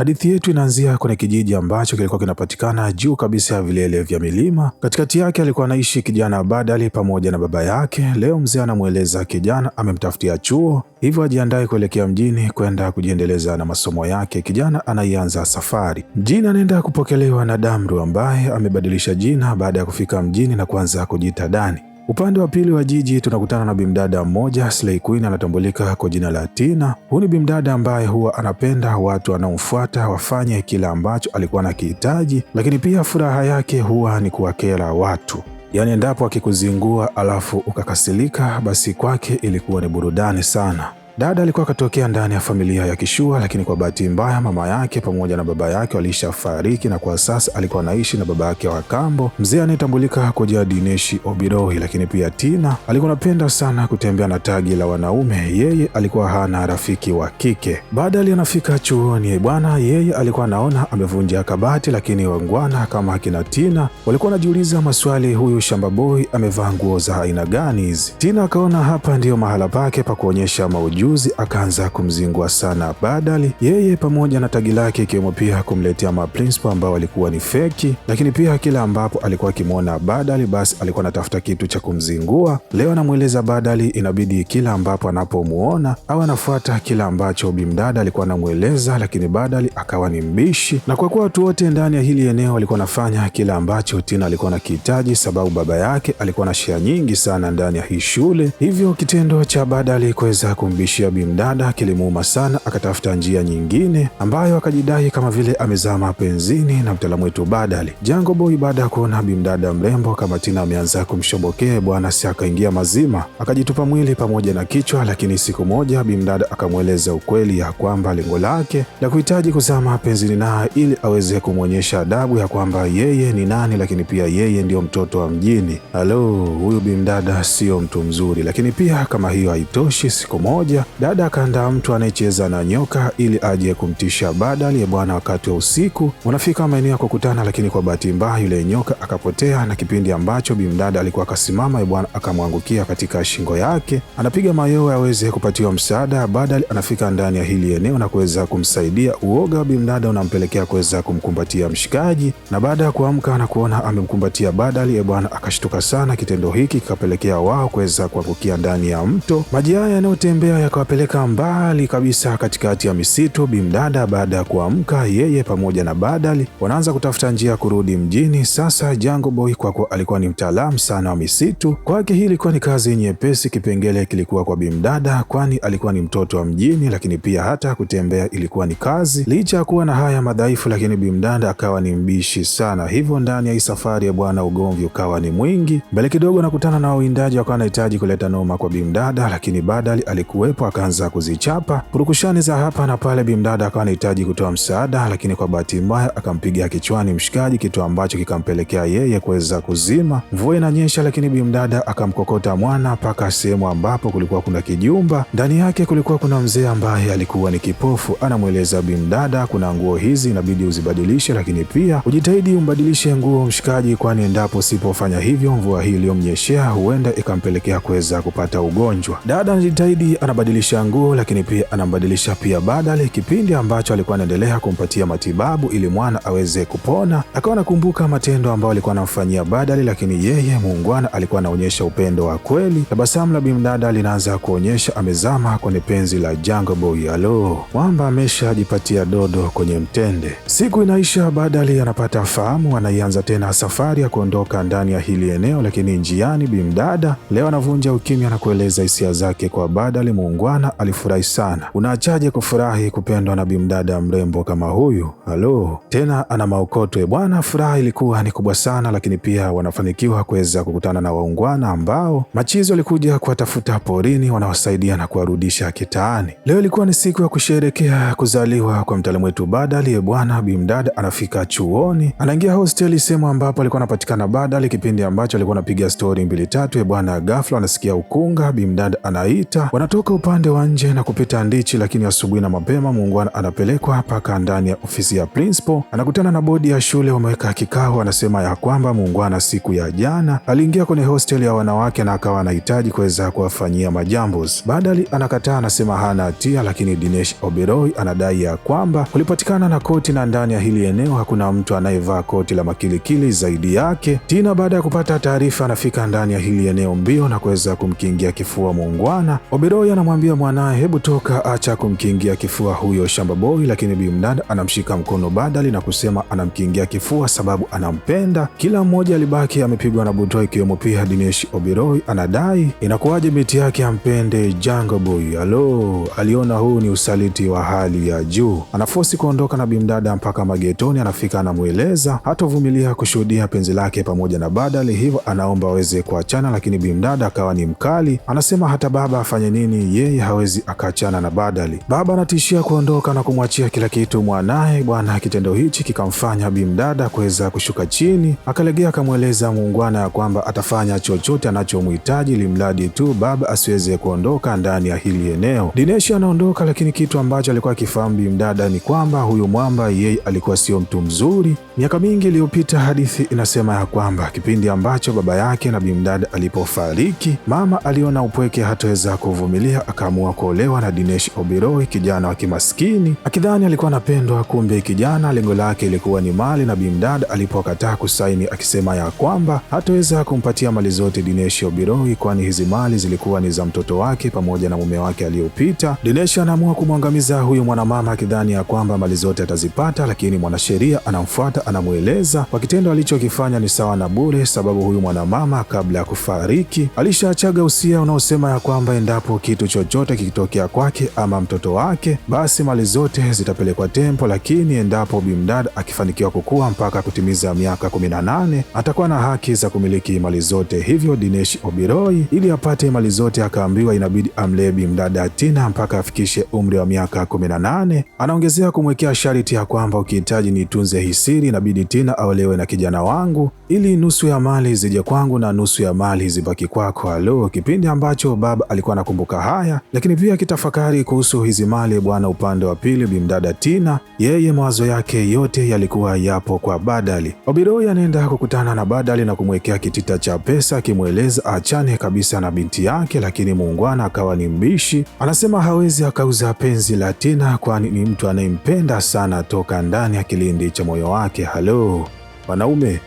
Hadithi yetu inaanzia kwenye kijiji ambacho kilikuwa kinapatikana juu kabisa ya vilele vya milima. Katikati yake alikuwa anaishi kijana badali pamoja na baba yake. Leo mzee anamweleza kijana amemtafutia chuo, hivyo ajiandae kuelekea mjini kwenda kujiendeleza na masomo yake. Kijana anaianza safari mjini, anaenda kupokelewa na Damru ambaye amebadilisha jina baada ya kufika mjini na kuanza kujiita Dani. Upande wa pili wa jiji tunakutana na bimdada mmoja Slay Queen, anatambulika kwa jina la Tina. Huyu ni bimdada ambaye huwa anapenda watu wanaomfuata wafanye kila ambacho alikuwa anakihitaji, lakini pia furaha yake huwa ni kuwakera watu. Yaani endapo akikuzingua alafu ukakasilika, basi kwake ilikuwa ni burudani sana. Dada alikuwa akatokea ndani ya familia ya Kishua, lakini kwa bahati mbaya mama yake pamoja na baba yake walishafariki, na kwa sasa alikuwa anaishi na baba yake wa kambo, mzee anayetambulika kwa jina Dineshi Obirohi. Lakini pia Tina alikuwa anapenda sana kutembea na tagi la wanaume, yeye alikuwa hana rafiki wa kike. baada alianafika chuoni bwana, yeye alikuwa anaona amevunja kabati, lakini wangwana kama akina Tina walikuwa wanajiuliza maswali, huyu shamba boy amevaa nguo za aina gani hizi? Tina akaona hapa ndiyo mahala pake pa kuonyesha maujuzi mapinduzi akaanza kumzingua sana Badal, yeye pamoja na tagi lake, ikiwemo pia kumletea maprincipa ambao alikuwa ni feki, lakini pia kila ambapo alikuwa akimwona badali basi alikuwa anatafuta kitu cha kumzingua. Leo anamweleza badali inabidi kila ambapo anapomwona au anafuata kila ambacho bimdada alikuwa anamweleza, lakini badali akawa ni mbishi, na kwa kuwa watu wote ndani ya hili eneo walikuwa anafanya kila ambacho Tina alikuwa anakihitaji, sababu baba yake alikuwa na shia nyingi sana ndani ya hii shule, hivyo kitendo cha badali kuweza kumbishi kilichomtishia bimdada kilimuuma sana, akatafuta njia nyingine ambayo akajidai kama vile amezama penzini na mtaalamu wetu Badali. Jango Boy baada ya kuona bimdada mrembo kama Tina ameanza kumshobokea bwana, si akaingia mazima, akajitupa mwili pamoja na kichwa. Lakini siku moja bimdada akamweleza ukweli ya kwamba lengo lake la kuhitaji kuzama penzini naye ili aweze kumwonyesha adabu ya kwamba yeye ni nani, lakini pia yeye ndiyo mtoto wa mjini. Halo, huyu bimdada sio mtu mzuri. Lakini pia kama hiyo haitoshi, siku moja Dada akaandaa mtu anayecheza na nyoka ili aje kumtisha Badal aliye bwana. Wakati wa usiku wanafika maeneo ya kukutana, lakini kwa bahati mbaya yule nyoka akapotea, na kipindi ambacho bimdada alikuwa akasimama, ya bwana akamwangukia katika shingo yake. Anapiga mayowe aweze kupatiwa msaada. Badal anafika ndani ya hili eneo na kuweza kumsaidia. Uoga bimdada unampelekea kuweza kumkumbatia mshikaji, na baada ya kuamka na kuona amemkumbatia badali ya bwana akashtuka sana. Kitendo hiki kikapelekea wao kuweza kuangukia ndani ya mto, maji haya yanayotembea akawapeleka mbali kabisa katikati ya misitu. Bimdada baada ya kuamka, yeye pamoja na badali wanaanza kutafuta njia ya kurudi mjini. Sasa Jango Boy kwa alikuwa ni mtaalamu sana wa misitu, kwake hii ilikuwa ni kazi nyepesi. Kipengele kilikuwa kwa bimdada, kwani alikuwa ni mtoto wa mjini, lakini pia hata kutembea ilikuwa ni kazi. Licha ya kuwa na haya madhaifu, lakini bimdada akawa ni mbishi sana, hivyo ndani ya hii safari ya bwana, ugomvi ukawa ni mwingi. Mbele kidogo anakutana na wawindaji, wakawa anahitaji kuleta noma kwa bimdada, lakini Badal alikuwepo ndipo akaanza kuzichapa purukushani za hapa na pale. Bimdada akawa anahitaji kutoa msaada, lakini kwa bahati mbaya akampiga kichwani mshikaji, kitu ambacho kikampelekea yeye kuweza kuzima. Mvua inanyesha, lakini bimdada akamkokota mwana mpaka sehemu ambapo kulikuwa kuna kijumba. Ndani yake kulikuwa kuna mzee ambaye alikuwa ni kipofu. Anamweleza bimdada, kuna nguo hizi inabidi uzibadilishe, lakini pia ujitahidi umbadilishe nguo mshikaji, kwani endapo usipofanya hivyo mvua hii iliyomnyeshea huenda ikampelekea kuweza kupata ugonjwa. Dada anajitahidi anabadilisha anambadilisha nguo, lakini pia anambadilisha pia badali, kipindi ambacho alikuwa anaendelea kumpatia matibabu ili mwana aweze kupona. Akawa anakumbuka matendo ambayo alikuwa anamfanyia badali, lakini yeye muungwana alikuwa anaonyesha upendo wa kweli. Tabasamu la bimdada linaanza kuonyesha amezama kwenye penzi la Jungle Boy. Alo, mwamba ameshajipatia dodo kwenye mtende. Siku inaisha, badali anapata fahamu, anaianza tena safari ya kuondoka ndani ya hili eneo, lakini njiani bimdada leo anavunja ukimya na kueleza hisia zake kwa badali muungwana Muungwana alifurahi sana. Unaachaje kufurahi kupendwa na bimdada mrembo kama huyu? Halo tena ana maokoto bwana. Furaha ilikuwa ni kubwa sana, lakini pia wanafanikiwa kuweza kukutana na waungwana ambao machizi walikuja kuwatafuta porini, wanawasaidia na kuwarudisha kitaani. Leo ilikuwa ni siku ya kusherekea kuzaliwa kwa mtaalamu wetu Badali bwana. Bimdada anafika chuoni, anaingia hosteli, sehemu ambapo alikuwa anapatikana Badali kipindi ambacho alikuwa anapiga stori mbili tatu bwana. Ghafla anasikia ukunga, bimdada anaita, wanatoka upa upande wa nje na kupita ndichi, lakini asubuhi na mapema muungwana anapelekwa mpaka ndani ya ofisi ya principal. Anakutana na bodi ya shule, wameweka kikao. Anasema ya kwamba muungwana siku ya jana aliingia kwenye hostel ya wanawake na akawa anahitaji kuweza kuwafanyia majambos. Badali anakataa, anasema hana hatia, lakini Dinesh Oberoi anadai ya kwamba kulipatikana na koti na ndani ya hili eneo hakuna mtu anayevaa koti la makilikili zaidi yake. Tina baada ya kupata taarifa anafika ndani ya hili eneo mbio na kuweza kumkingia kifua muungwana. Oberoi anamwambia anamwambia mwanaye, hebu toka, acha kumkingia kifua huyo shamba boy, lakini Bimdad anamshika mkono badali na kusema anamkingia kifua sababu anampenda. Kila mmoja alibaki amepigwa na butoa ikiwemo pia Dinesh obiroi anadai inakuwaje binti yake ampende Jungle Boy? Alo, aliona huu ni usaliti wa hali ya juu. Anafosi kuondoka na Bimdada mpaka magetoni, anafika anamweleza hatovumilia kushuhudia penzi lake pamoja na badali, hivyo anaomba aweze kuachana, lakini Bimdada akawa ni mkali, anasema hata baba afanye nini ye yeye hawezi akaachana na Badali. Baba anatishia kuondoka na kumwachia kila kitu mwanaye. Bwana, kitendo hichi kikamfanya bimdada kuweza kushuka chini, akalegea akamweleza muungwana ya kwamba atafanya chochote anachomhitaji mladi tu baba asiweze kuondoka ndani ya hili eneo. Dineshi anaondoka, lakini kitu ambacho alikuwa akifahamu bimdada ni kwamba huyu mwamba yeye alikuwa sio mtu mzuri. Miaka mingi iliyopita, hadithi inasema ya kwamba kipindi ambacho baba yake na bimdada alipofariki, mama aliona upweke hataweza kuvumilia akaamua kuolewa na Dinesh obiroi kijana wa kimaskini akidhani alikuwa anapendwa, kumbe kijana lengo lake ilikuwa ni mali. Na Bimdad alipokataa kusaini akisema ya kwamba hataweza kumpatia mali zote Dinesh obiroi kwani hizi mali zilikuwa ni za mtoto wake pamoja na mume wake aliyopita, Dinesh anaamua kumwangamiza huyo mwanamama akidhani ya kwamba mali zote atazipata, lakini mwanasheria anamfuata anamweleza kwa kitendo alichokifanya ni sawa na bure, sababu huyu mwanamama kabla ya kufariki alishachaga usia unaosema ya kwamba endapo kitu chochote kikitokea kwake ama mtoto wake, basi mali zote zitapelekwa tempo. Lakini endapo Bimdad akifanikiwa kukua mpaka kutimiza miaka 18 atakuwa na haki za kumiliki mali zote. Hivyo Dinesh obiroi ili apate mali zote akaambiwa inabidi amlee Bimdad Atina mpaka afikishe umri wa miaka 18. Anaongezea kumwekea sharti ya kwamba ukihitaji nitunze hisiri, inabidi Tina aolewe na kijana wangu ili nusu ya mali zije kwangu na nusu ya mali zibaki kwako. Halo, kipindi ambacho baba alikuwa anakumbuka haya haya, lakini pia akitafakari kuhusu hizi mali bwana. Upande wa pili, bimdada Tina, yeye mawazo yake yote yalikuwa yapo kwa Badali. Obiroi anaenda kukutana na Badali na kumwekea kitita cha pesa, akimweleza achane kabisa na binti yake, lakini muungwana akawa ni mbishi, anasema hawezi akauza penzi la Tina kwani ni mtu anayempenda sana toka ndani ya kilindi cha moyo wake. Halo wanaume,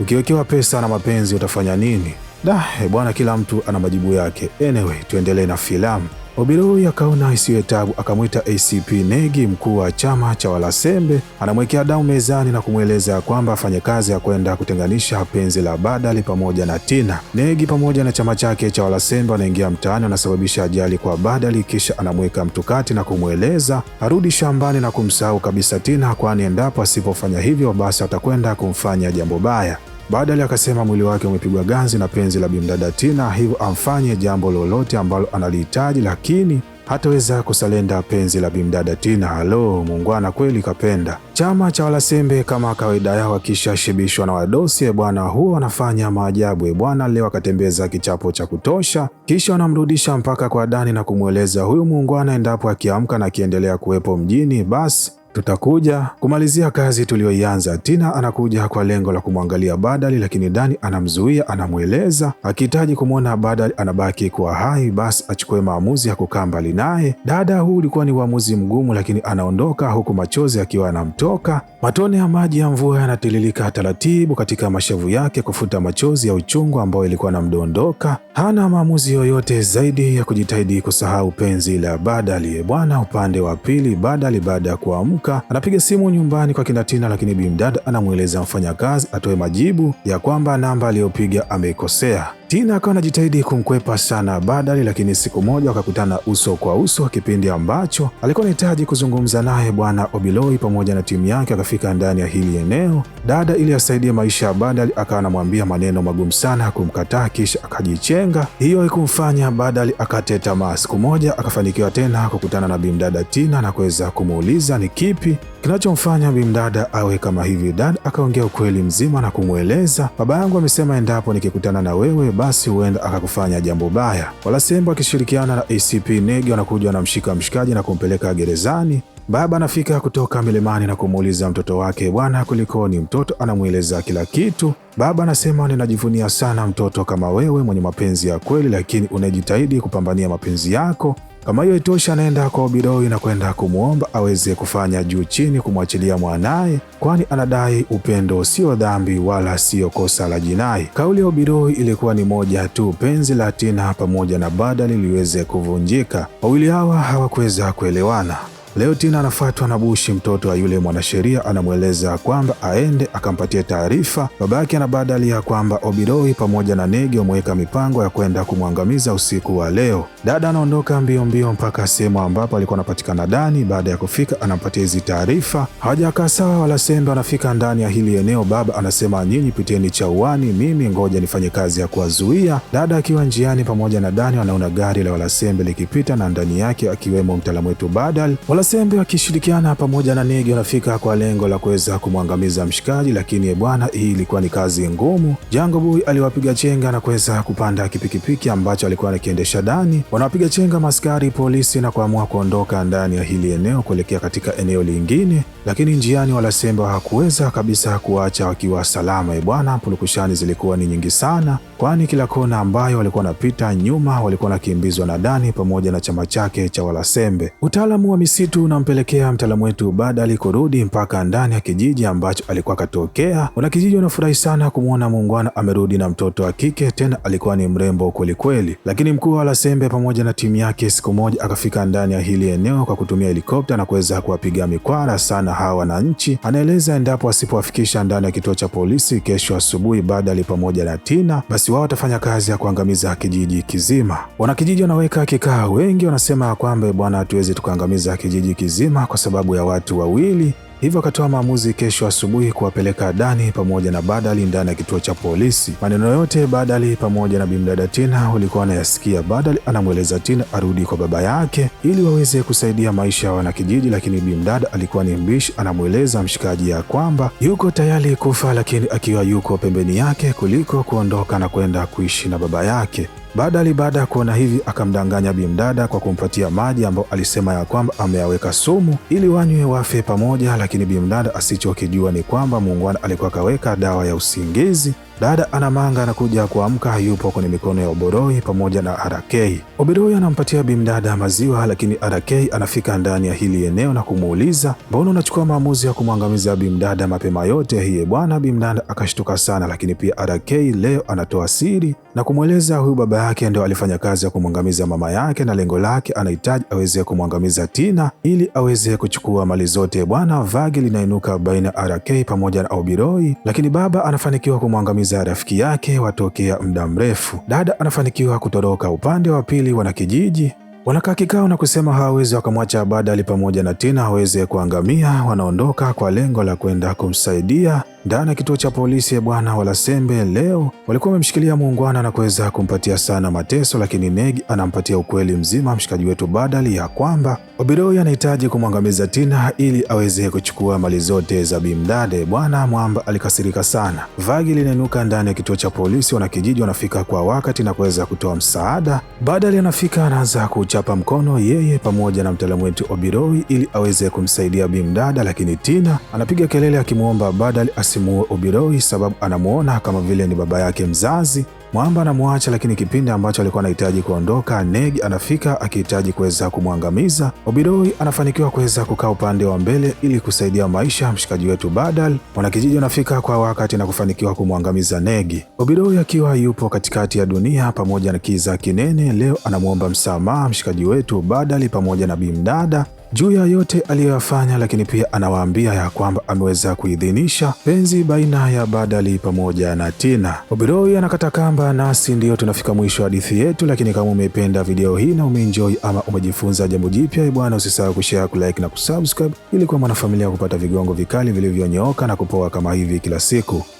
ukiwekewa pesa na mapenzi utafanya nini? Da eh, bwana, kila mtu ana majibu yake. Anyway, tuendelee na filamu. obiroi akaona isiwe tabu, akamwita ACP Negi, mkuu wa chama cha Walasembe, anamwekea damu mezani na kumweleza kwamba afanye kazi ya kwenda kutenganisha penzi la Badali pamoja na Tina. Negi pamoja na chama chake cha Walasembe wanaingia mtaani, wanasababisha ajali kwa Badali, kisha anamweka mtukati na kumweleza arudi shambani na kumsahau kabisa Tina, kwani endapo asipofanya hivyo, basi atakwenda kumfanya jambo baya. Badala akasema mwili wake umepigwa ganzi na penzi la bimdada Tina, hivyo amfanye jambo lolote ambalo analihitaji, lakini hataweza kusalenda penzi la bimdada Tina. Halo, muungwana kweli kapenda. Chama cha Walasembe kama kawaida yao akishashibishwa na wadosi ebwana, huwa wanafanya maajabu ebwana. Leo akatembeza kichapo cha kutosha, kisha wanamrudisha mpaka kwa Dani na kumweleza huyu muungwana, endapo akiamka na akiendelea kuwepo mjini basi Tutakuja kumalizia kazi tuliyoianza. Tina anakuja kwa lengo la kumwangalia Badali, lakini Dani anamzuia, anamweleza akihitaji kumwona Badali anabaki kwa hai, basi achukue maamuzi ya kukaa mbali naye. Dada, huu ulikuwa ni uamuzi mgumu, lakini anaondoka huku machozi akiwa anamtoka. Matone ya maji ya mvua yanatiririka taratibu katika mashavu yake kufuta machozi ya uchungu ambayo ilikuwa namdondoka. Hana maamuzi yoyote zaidi ya kujitahidi kusahau penzi la Badali. Bwana upande wa pili, Badali baada ya kuamka Luka anapiga simu nyumbani kwa kina Tina, lakini bimdad anamweleza mfanyakazi atoe majibu ya kwamba namba aliyopiga ameikosea. Tina akawa anajitahidi kumkwepa sana Badali, lakini siku moja wakakutana uso kwa uso, kipindi ambacho alikuwa anahitaji kuzungumza naye Bwana Obiloi pamoja na timu yake. Akafika ndani ya hili eneo dada ili asaidie maisha ya Badali, akawa anamwambia maneno magumu sana kumkataa, kisha akajichenga. Hiyo ikumfanya Badali akate tamaa. Siku moja akafanikiwa tena kukutana na bimdada Tina na kuweza kumuuliza ni kipi kinachomfanya bimdada awe kama hivi. Dad akaongea ukweli mzima na kumweleza baba yangu amesema endapo nikikutana na wewe basi huenda akakufanya jambo baya. Sembo akishirikiana na ACP Negi wanakuja wanamshika mshikaji na kumpeleka gerezani. Baba anafika kutoka milimani na kumuuliza mtoto wake, bwana, kulikoni? Mtoto anamweleza kila kitu. Baba anasema ninajivunia sana mtoto kama wewe mwenye mapenzi ya kweli, lakini unajitahidi kupambania mapenzi yako. Kama hiyo itosha, anaenda kwa Obidoyi na kwenda kumwomba aweze kufanya juu chini kumwachilia mwanaye, kwani anadai upendo sio dhambi wala sio kosa la jinai. Kauli ya Obidoyi ilikuwa ni moja tu, penzi la Tina pamoja na Bada liliweze kuvunjika. Wawili hawa hawakuweza kuelewana. Leo Tina anafuatwa na Bushi, mtoto wa yule mwanasheria, anamweleza kwamba aende akampatie taarifa baba yake, na badali ya kwamba Obiroi pamoja na nege wameweka mipango ya kwenda kumwangamiza usiku wa leo. Dada anaondoka mbio mbio mpaka sehemu ambapo alikuwa anapatikana Dani. Baada ya kufika, anampatia hizi taarifa. Hawajakaa sawa wala sembe. Anafika ndani ya hili eneo, baba anasema nyinyi piteni chauani, mimi ngoja nifanye kazi ya kuwazuia. Dada akiwa njiani pamoja na Dani wanaona gari la walasembe likipita na ndani yake akiwemo mtaalamu wetu Badal wala Wazembe wakishirikiana pamoja na negi wanafika kwa lengo la kuweza kumwangamiza mshikaji, lakini bwana, hii ilikuwa ni kazi ngumu. Jango Boy aliwapiga chenga na kuweza kupanda kipikipiki ambacho alikuwa anakiendesha Dani. Wanawapiga chenga maskari polisi na kuamua kuondoka ndani ya hili eneo kuelekea katika eneo lingine, lakini njiani walasembe hakuweza kabisa kuacha wakiwa salama. Eh bwana, pulukushani zilikuwa ni nyingi sana, kwani kila kona ambayo walikuwa wanapita nyuma walikuwa wanakimbizwa na Dani pamoja na chama chake cha walasembe. Utaalamu wa misitu unampelekea mtaalamu wetu baada alikorudi mpaka ndani ya kijiji ambacho alikuwa akatokea. Wanakijiji wanafurahi sana kumwona muungwana amerudi na mtoto wa kike, tena alikuwa ni mrembo kwelikweli. Lakini mkuu wa Lasembe pamoja na timu yake siku moja akafika ndani ya hili eneo kwa kutumia helikopta na kuweza kuwapiga mikwara sana hawa wananchi. Anaeleza endapo asipowafikisha ndani ya kituo cha polisi kesho asubuhi, Badali pamoja na Tina, basi wao watafanya kazi ya kuangamiza kijiji kizima. Wanakijiji wanaweka kikao, wengi wanasema kwamba bwana, hatuwezi tukaangamiza kijiji kijiji kizima kwa sababu ya watu wawili, hivyo akatoa maamuzi kesho asubuhi kuwapeleka Dani pamoja na Badali ndani ya kituo cha polisi. Maneno yote Badali pamoja na bimdada Tina walikuwa wanayasikia. Badali anamweleza Tina arudi kwa baba yake ili waweze kusaidia maisha ya wanakijiji, lakini bimdada alikuwa ni mbishi. Anamweleza mshikaji ya kwamba yuko tayari kufa, lakini akiwa yuko pembeni yake kuliko kuondoka na kwenda kuishi na baba yake. Badali baada ya kuona hivi akamdanganya bimdada kwa kumpatia maji ambayo alisema ya kwamba ameyaweka sumu ili wanywe wafe pamoja, lakini bimdada asichokijua ni kwamba muungwana alikuwa akaweka dawa ya usingizi Dada Anamanga anakuja kuamka, yupo kwenye mikono ya Oboroi pamoja na RK. Oboroi anampatia bimdada maziwa, lakini RK anafika ndani ya hili eneo na kumuuliza, mbona unachukua maamuzi ya kumwangamiza bimdada mapema yote hiye bwana? Bimdada akashtuka sana, lakini pia RK leo anatoa siri na kumweleza huyu baba yake ndio alifanya kazi ya kumwangamiza mama yake, na lengo lake anahitaji aweze kumwangamiza Tina ili aweze kuchukua mali zote bwana. Vagi linainuka baina ya RK pamoja na Oboroi, lakini baba anafanikiwa kumwangamiza za rafiki yake watokea muda mrefu. Dada anafanikiwa kutoroka upande wa pili, wanakijiji wanakaa kikao na kusema hawawezi wakamwacha badali pamoja na Tina aweze kuangamia. Wanaondoka kwa lengo la kwenda kumsaidia ndani ya kituo cha polisi ya bwana Walasembe leo walikuwa wamemshikilia muungwana na kuweza kumpatia sana mateso, lakini Negi anampatia ukweli mzima mshikaji wetu Badali ya kwamba Obiroi anahitaji kumwangamiza Tina ili aweze kuchukua mali zote za Bimdade. Bwana Mwamba alikasirika sana. Vagi linainuka ndani ya kituo cha polisi, wanakijiji wanafika kwa wakati na kuweza kutoa msaada. Badali anafika anaanza kuchapa mkono yeye pamoja na mtaalamu wetu Obiroi ili aweze kumsaidia Bimdada, lakini Tina anapiga kelele akimwomba Badali anamsimu obiroi sababu anamuona kama vile ni baba yake mzazi. Mwamba anamwacha, lakini kipindi ambacho alikuwa anahitaji kuondoka, Negi anafika akihitaji kuweza kumwangamiza. obiroi anafanikiwa kuweza kukaa upande wa mbele ili kusaidia maisha mshikaji wetu Badal. Wanakijiji anafika kwa wakati na kufanikiwa kumwangamiza Negi. obiroi akiwa yupo katikati ya dunia pamoja na kiza kinene, leo anamwomba msamaha mshikaji wetu Badal pamoja na Bimdada juu ya yote aliyoyafanya, lakini pia anawaambia ya kwamba ameweza kuidhinisha penzi baina ya Badali pamoja na Tina. Obiroi anakata kamba, nasi ndiyo tunafika mwisho hadithi yetu, lakini kama umependa video hii na umeenjoy ama umejifunza jambo jipya, bwana, usisahau kushare, kulike na kusubscribe ili kuwa mwanafamilia kupata vigongo vikali vilivyonyooka na kupoa kama hivi kila siku.